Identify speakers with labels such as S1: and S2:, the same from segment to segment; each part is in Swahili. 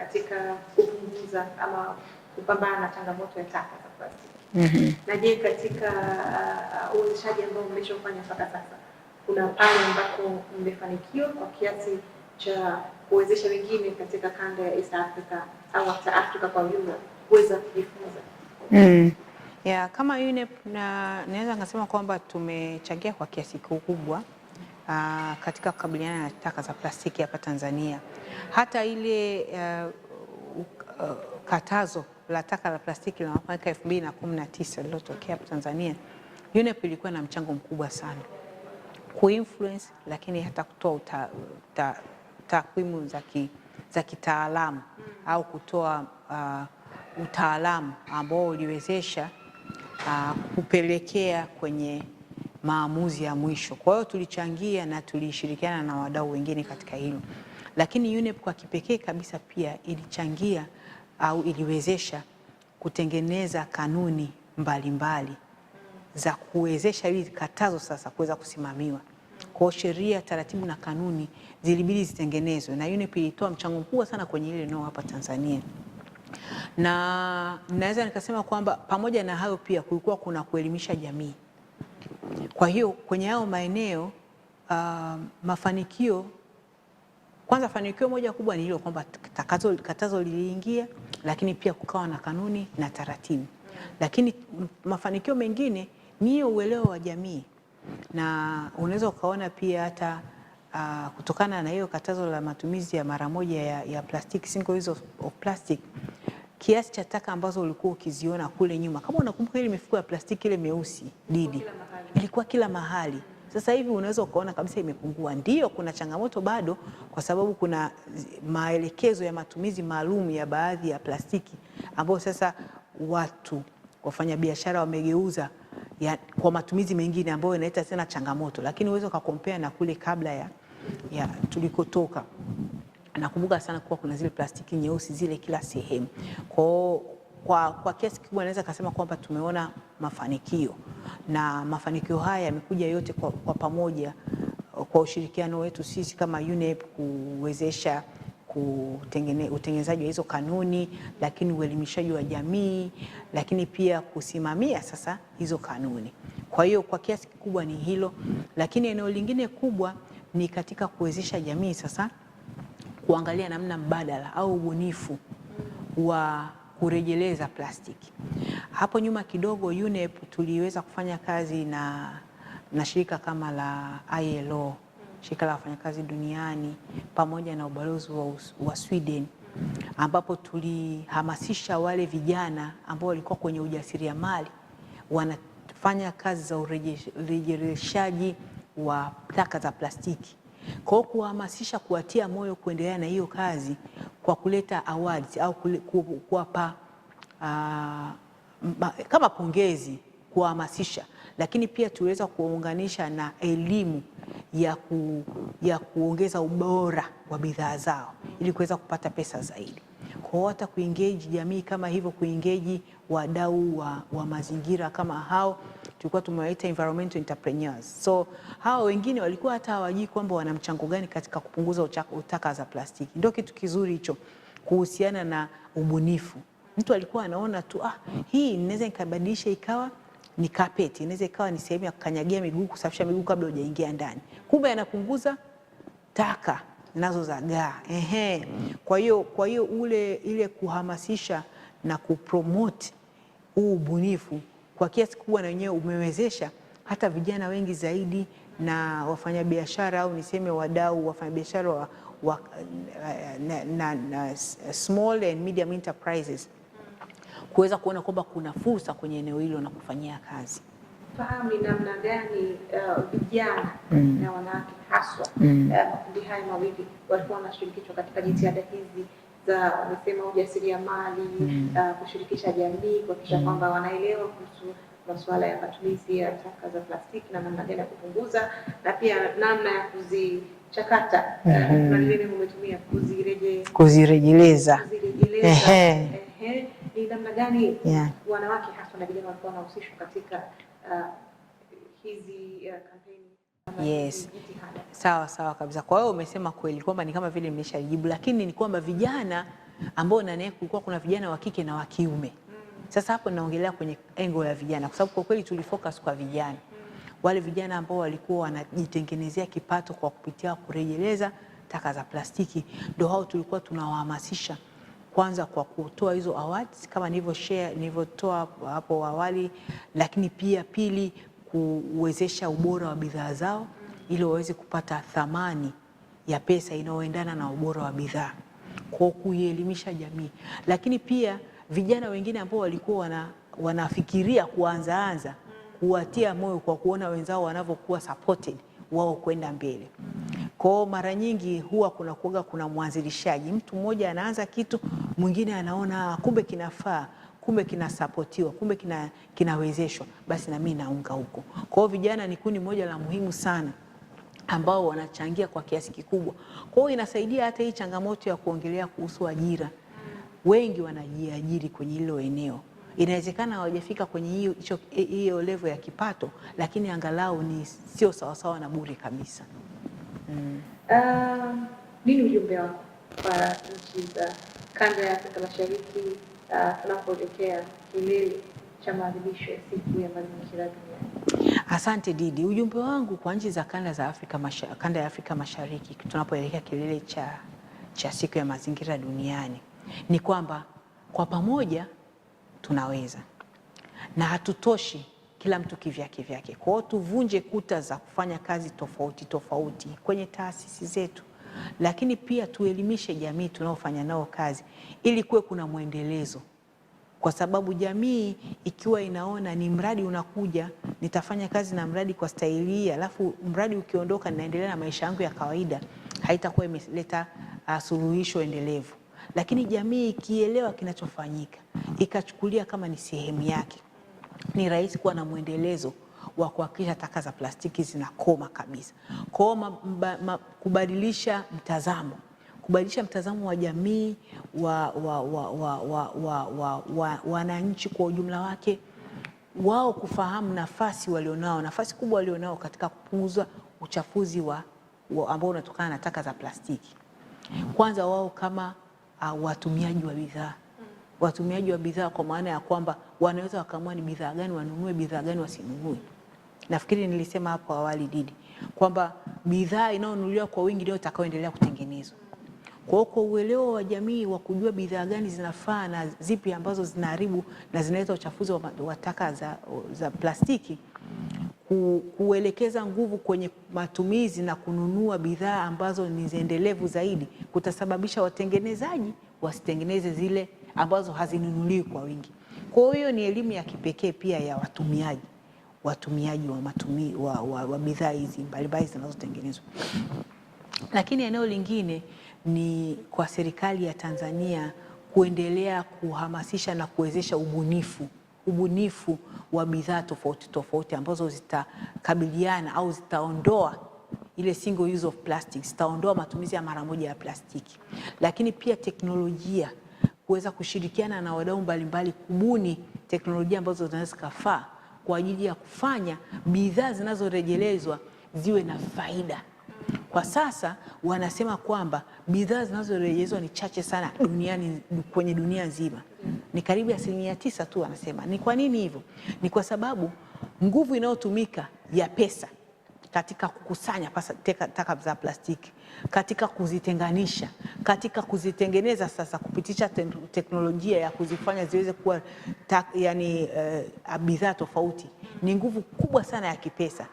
S1: katika kupunguza ama kupambana na changamoto ya taka za plastiki. Mm -hmm. Na je, katika uh, uwezeshaji uh, ambao mmeshofanya mpaka sasa kuna pale ambapo mmefanikiwa kwa kiasi cha kuwezesha wengine katika kanda ya East Africa au hata Afrika kwa ujumla kuweza kujifunza?
S2: Mm. Yeah, kama UNEP na naweza ngasema kwamba tumechangia kwa kiasi kikubwa uh, katika kukabiliana na taka za plastiki hapa Tanzania. Hata ile uh, uh, katazo la taka la plastiki la mwaka 2019 lililotokea hapa Tanzania, UNEP ilikuwa na mchango mkubwa sana kuinfluence, lakini hata kutoa takwimu ta, ta, za kitaalamu au kutoa uh, utaalamu ambao uliwezesha uh, kupelekea kwenye maamuzi ya mwisho. Kwa hiyo tulichangia na tulishirikiana na wadau wengine katika hilo, lakini UNEP kwa kipekee kabisa pia ilichangia au iliwezesha kutengeneza kanuni mbalimbali mbali za kuwezesha hili katazo sasa kuweza kusimamiwa. Kwa hiyo sheria, taratibu na kanuni zilibidi zitengenezwe, na UNEP ilitoa mchango mkubwa sana kwenye ile eneo hapa Tanzania, na naweza nikasema kwamba pamoja na hayo pia kulikuwa kuna kuelimisha jamii kwa hiyo kwenye hayo maeneo uh, mafanikio kwanza, fanikio moja kubwa ni hilo kwamba katazo liliingia, lakini pia kukawa na kanuni na taratibu. Lakini mafanikio mengine ni hiyo uelewa wa jamii, na unaweza ukaona pia hata uh, kutokana na hiyo katazo la matumizi ya mara moja ya, ya plastiki, single use of plastic kiasi cha taka ambazo ulikuwa ukiziona kule nyuma. Kama unakumbuka ile mifuko ya plastiki ile meusi
S1: Didi, ilikuwa kila mahali.
S2: Sasa hivi unaweza ukaona kabisa imepungua. ndio kuna changamoto bado, kwa sababu kuna maelekezo ya matumizi maalum ya baadhi ya plastiki ambayo sasa watu wafanyabiashara wamegeuza ya, kwa matumizi mengine ambayo inaleta tena changamoto, lakini uweza ukakompea na kule kabla ya, ya tulikotoka. Nakumbuka sana kuwa kuna zile plastiki nyeusi zile kila sehemu. Kwa kwa, kwa kiasi kikubwa naweza kusema kwamba tumeona mafanikio na mafanikio haya yamekuja yote kwa, kwa pamoja kwa ushirikiano wetu sisi kama UNEP kuwezesha utengenezaji wa hizo kanuni, lakini uelimishaji wa jamii, lakini pia kusimamia sasa hizo kanuni. Kwa hiyo kwa kiasi kikubwa ni hilo, lakini eneo lingine kubwa ni katika kuwezesha jamii sasa kuangalia namna mbadala au ubunifu wa kurejeleza plastiki. Hapo nyuma kidogo, UNEP tuliweza kufanya kazi na, na shirika kama la ILO, shirika la wafanyakazi duniani pamoja na ubalozi wa, wa Sweden ambapo tulihamasisha wale vijana ambao walikuwa kwenye ujasiriamali wanafanya kazi za urejeshaji wa taka za plastiki kwa hiyo kuwahamasisha, kuwatia moyo kuendelea na hiyo kazi kwa kuleta awards au kuwapa ah, kama pongezi kuwahamasisha, lakini pia tuweza kuwaunganisha na elimu ya, ku, ya kuongeza ubora wa bidhaa zao ili kuweza kupata pesa zaidi. Kwa hiyo hata kuingeji jamii kama hivyo, kuingeji wadau wa, wa mazingira kama hao tulikuwa tumewaita environmental entrepreneurs. So hao wengine walikuwa hata hawajui kwamba wana mchango gani katika kupunguza taka za plastiki. Ndio kitu kizuri hicho kuhusiana na ubunifu. Mtu alikuwa anaona tu ah, hii inaweza nikabadilisha ikawa ni carpet, inaweza ikawa ni sehemu ya kukanyagia miguu, kusafisha miguu kabla hujaingia ndani, kumbe anapunguza taka gaa. Ehe, kwa hiyo kwa hiyo ule ile kuhamasisha na kupromote huu ubunifu kwa kiasi kubwa na wenyewe umewezesha hata vijana wengi zaidi na wafanyabiashara au niseme wadau wafanyabiashara wa, wa, na, na, na small and medium enterprises kuweza kuona kwamba kuna fursa kwenye eneo hilo na kufanyia kazi.
S1: Fahamu namna gani uh, vijana uh, mm. na wanawake haswa makundi mm. uh, haya mawili walikuwa wanashirikishwa katika jitihada hizi za umesema ujasiriamali mm. uh, kushirikisha jamii kuhakikisha mm. kwamba wanaelewa kuhusu masuala ya matumizi ya taka za plastiki na namna gani ya kupunguza na pia namna ya kuzichakata umetumia kuzirejeleza ni namna gani wanawake hasa na vijana walikuwa wanahusishwa katika uh, hizi uh, kampeni
S2: Yes. Sawa sawa kabisa. Kwa hiyo umesema kweli kwamba ni kama vile nimeshajibu, lakini ni kwamba vijana ambao ndani kulikuwa kuna vijana wa kike na wa kiume. Sasa hapo naongelea kwenye engo la vijana, kwa sababu kwa kweli tulifocus kwa vijana, wale vijana ambao walikuwa wanajitengenezea kipato kwa kupitia kurejeleza taka za plastiki, ndio hao tulikuwa tunawahamasisha kwanza kwa kutoa hizo awards kama share nilivyotoa hapo awali, lakini pia pili kuwezesha ubora wa bidhaa zao ili waweze kupata thamani ya pesa inayoendana na ubora wa bidhaa, kwa kuielimisha jamii. Lakini pia vijana wengine ambao walikuwa wana, wanafikiria kuanzaanza, kuwatia moyo kwa kuona wenzao wanavyokuwa supported wao kwenda mbele. Kwa mara nyingi huwa kuna kuoga, kuna mwanzilishaji, mtu mmoja anaanza kitu, mwingine anaona ah, kumbe kinafaa kumbe kinasapotiwa, kumbe kina, kinawezeshwa, basi na mimi naunga huko. Kwa hiyo vijana ni kundi moja la muhimu sana ambao wanachangia kwa kiasi kikubwa. Kwa hiyo inasaidia hata hii changamoto ya kuongelea kuhusu ajira, wengi wanajiajiri kwenye hilo eneo. Inawezekana hawajafika kwenye hiyo levo ya kipato, lakini angalau ni sio sawasawa na bure kabisa.
S1: Mm. Uh, nini ujumbe wako kwa nchi za kanda ya Afrika Mashariki? uh, tunapoelekea kilele cha maadhimisho ya siku ya mazingira duniani.
S2: Asante Didi. Ujumbe wangu kwa nchi za kanda za Afrika masha, kanda ya Afrika Mashariki tunapoelekea kilele cha, cha siku ya mazingira duniani ni kwamba kwa pamoja tunaweza na hatutoshi kila mtu kivyake vyake. Kwa hiyo tuvunje kuta za kufanya kazi tofauti tofauti kwenye taasisi zetu lakini pia tuelimishe jamii tunaofanya nao kazi ili kuwe kuna mwendelezo, kwa sababu jamii ikiwa inaona ni mradi unakuja, nitafanya kazi na mradi kwa staili hii, alafu mradi ukiondoka, ninaendelea na maisha yangu ya kawaida, haitakuwa imeleta uh, suluhisho endelevu. Lakini jamii ikielewa kinachofanyika, ikachukulia kama ni sehemu yake, ni rahisi kuwa na mwendelezo wa kuhakikisha taka za plastiki zinakoma kabisa. Kwa kubadilisha mtazamo, kubadilisha mtazamo wa jamii wa wananchi wa, wa, wa, wa, wa, wa, wa kwa ujumla wake, wao kufahamu nafasi walionao, nafasi kubwa walionao katika kupunguza uchafuzi wa, wa ambao unatokana na taka za plastiki. Kwanza wao kama uh, watumiaji wa bidhaa watumiaji wa bidhaa kwa maana ya kwamba wanaweza wakaamua ni bidhaa gani wanunue, bidhaa gani wasinunue nafikiri nilisema hapo awali Didi, kwamba bidhaa inayonunuliwa kwa wingi ndio itakayoendelea kutengenezwa. Kwa hiyo kwa uelewa wa jamii wa kujua bidhaa gani zinafaa na zipi ambazo zinaharibu na zinaleta uchafuzi wa taka za, za plastiki, kuelekeza nguvu kwenye matumizi na kununua bidhaa ambazo ni endelevu zaidi kutasababisha watengenezaji wasitengeneze zile ambazo hazinunuliwi kwa wingi. Kwa hiyo ni elimu ya kipekee pia ya watumiaji watumiaji wa, matumi, wa, wa, wa bidhaa hizi mbalimbali zinazotengenezwa. Lakini eneo lingine ni kwa serikali ya Tanzania kuendelea kuhamasisha na kuwezesha ubunifu ubunifu wa bidhaa tofauti tofauti ambazo zitakabiliana au zitaondoa ile single use of plastic, zitaondoa matumizi ya mara moja ya plastiki. Lakini pia teknolojia, kuweza kushirikiana na wadau mbalimbali kubuni teknolojia ambazo zinaweza zikafaa kwa ajili ya kufanya bidhaa zinazorejelezwa ziwe na faida. Kwa sasa wanasema kwamba bidhaa zinazorejelezwa ni chache sana duniani, kwenye dunia nzima ni karibu asilimia tisa tu wanasema. Ni kwa nini hivyo? Ni kwa sababu nguvu inayotumika ya pesa katika kukusanya taka za plastiki katika kuzitenganisha, katika kuzitengeneza sasa, kupitisha teknolojia ya kuzifanya ziweze kuwa ta, yani, uh, bidhaa tofauti, ni nguvu kubwa sana ya kipesa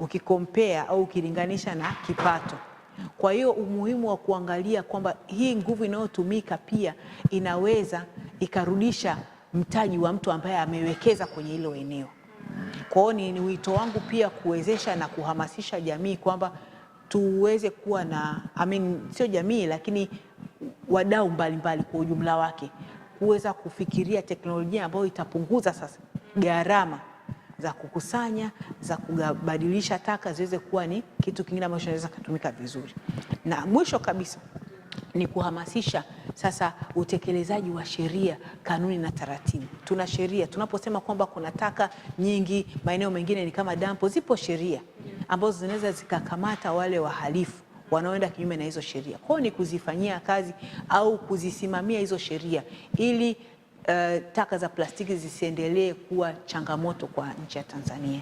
S2: ukikompea au ukilinganisha na kipato. Kwa hiyo umuhimu wa kuangalia kwamba hii nguvu inayotumika pia inaweza ikarudisha mtaji wa mtu ambaye amewekeza kwenye hilo eneo. Kwa hiyo ni wito wangu pia kuwezesha na kuhamasisha jamii kwamba tuweze kuwa na I mean, sio jamii lakini wadau mbalimbali kwa ujumla wake kuweza kufikiria teknolojia ambayo itapunguza sasa gharama za kukusanya za kubadilisha taka ziweze kuwa ni kitu kingine ambacho inaweza kutumika vizuri. Na mwisho kabisa ni kuhamasisha sasa utekelezaji wa sheria, kanuni na taratibu. Tuna sheria, tunaposema kwamba kuna taka nyingi maeneo mengine ni kama dampo, zipo sheria ambazo zinaweza zikakamata wale wahalifu wanaoenda kinyume na hizo sheria. Kwao ni kuzifanyia kazi au kuzisimamia hizo sheria ili uh, taka za plastiki zisiendelee kuwa changamoto kwa nchi ya Tanzania.